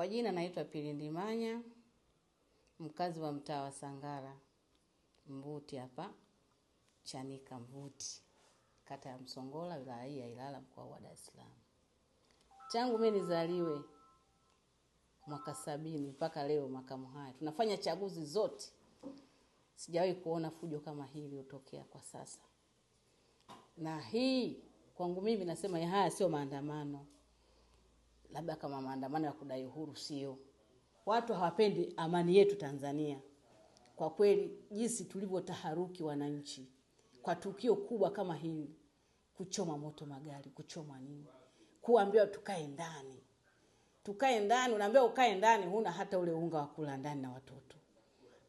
Kwa jina naitwa Pilindimanya, mkazi wa mtaa wa Sangara Mvuti, hapa Chanika Mvuti, kata ya Msongola, wilaya hii ya Ilala, mkoa wa Dar es Salaam. Tangu mimi nizaliwe mwaka sabini mpaka leo makamu haya tunafanya chaguzi zote, sijawahi kuona fujo kama hii iliyotokea kwa sasa, na hii kwangu mimi nasema haya sio maandamano labda kama maandamano ya kudai uhuru, sio. Watu hawapendi amani yetu Tanzania. Kwa kweli, jinsi tulivyotaharuki wananchi kwa tukio kubwa kama hili, kuchoma moto magari, kuchoma nini, kuambiwa tukae ndani, tukae ndani, unaambiwa ukae ndani, huna hata ule unga wa kula ndani na watoto.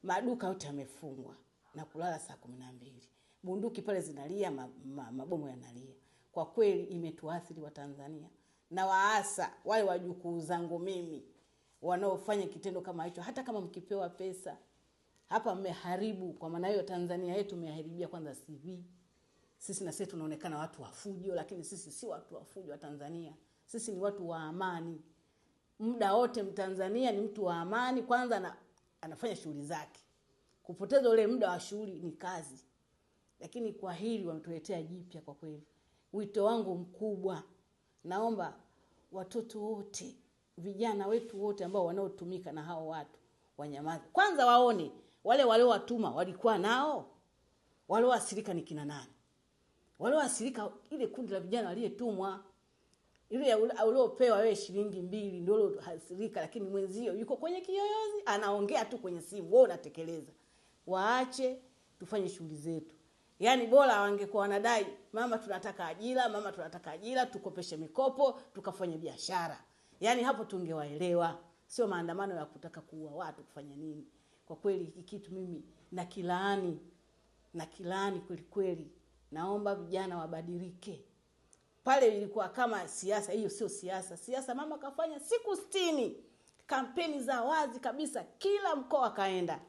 Maduka yote yamefungwa na kulala saa kumi na mbili, bunduki pale zinalia, mabomu ma, ma, yanalia. Kwa kweli imetuathiri Watanzania na waasa wale wajukuu zangu mimi wanaofanya kitendo kama hicho, hata kama mkipewa pesa hapa mmeharibu. Kwa maana hiyo, Tanzania yetu mmeharibia kwanza CV. Sisi na sisi tunaonekana watu wafujo, lakini sisi si watu wafujo wa Tanzania. Sisi ni watu wa amani, muda wote Mtanzania ni mtu wa amani kwanza na, anafanya shughuli zake. Kupoteza ule muda wa shughuli ni kazi, lakini kwa hili wametuletea jipya. Kwa kweli, wito wangu mkubwa, naomba watoto wote vijana wetu wote ambao wanaotumika na hao watu wanyamaze kwanza waone wale waliowatuma walikuwa nao walioasirika ni kina nani walioasirika ile kundi la vijana waliyetumwa ile uliopewa wewe shilingi mbili ndio ulioasirika lakini mwenzio yuko kwenye kiyoyozi anaongea tu kwenye simu wewe unatekeleza waache tufanye shughuli zetu Yaani bora wangekuwa wanadai, mama, tunataka ajira, mama, tunataka ajira, tukopeshe mikopo, tukafanye biashara. Yaani hapo tungewaelewa, sio maandamano ya kutaka kuua watu, kufanya nini. Kwa kweli hiki kitu mimi na kilaani kweli kweli. Naomba vijana wabadilike. Pale ilikuwa kama siasa, hiyo sio siasa. Siasa mama kafanya siku sitini kampeni za wazi kabisa, kila mkoa kaenda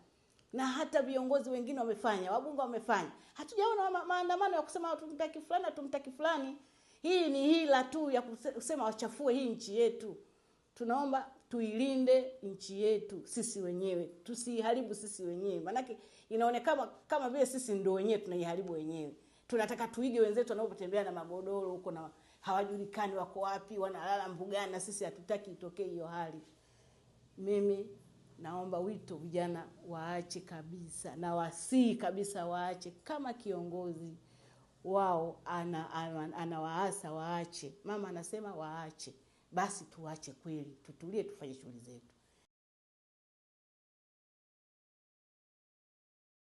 na hata viongozi wengine wamefanya, wabunge wamefanya. Hatujaona maandamano ya kusema tumtaki fulani, tumtaki fulani. Hii ni hila tu ya kusema wachafue hii nchi yetu. Tunaomba tuilinde nchi yetu sisi wenyewe, tusiharibu sisi wenyewe, maanake inaonekana kama vile sisi ndio wenyewe tunaiharibu wenyewe. Tunataka tuige wenzetu wanaotembea na magodoro huko na hawajulikani wako wapi, wanalala mbugani, na sisi hatutaki itokee hiyo hali. Mimi naomba wito vijana waache kabisa na wasii kabisa waache, kama kiongozi wao anawaasa ana, ana waache, mama anasema waache, basi tuache kweli, tutulie, tufanye shughuli zetu.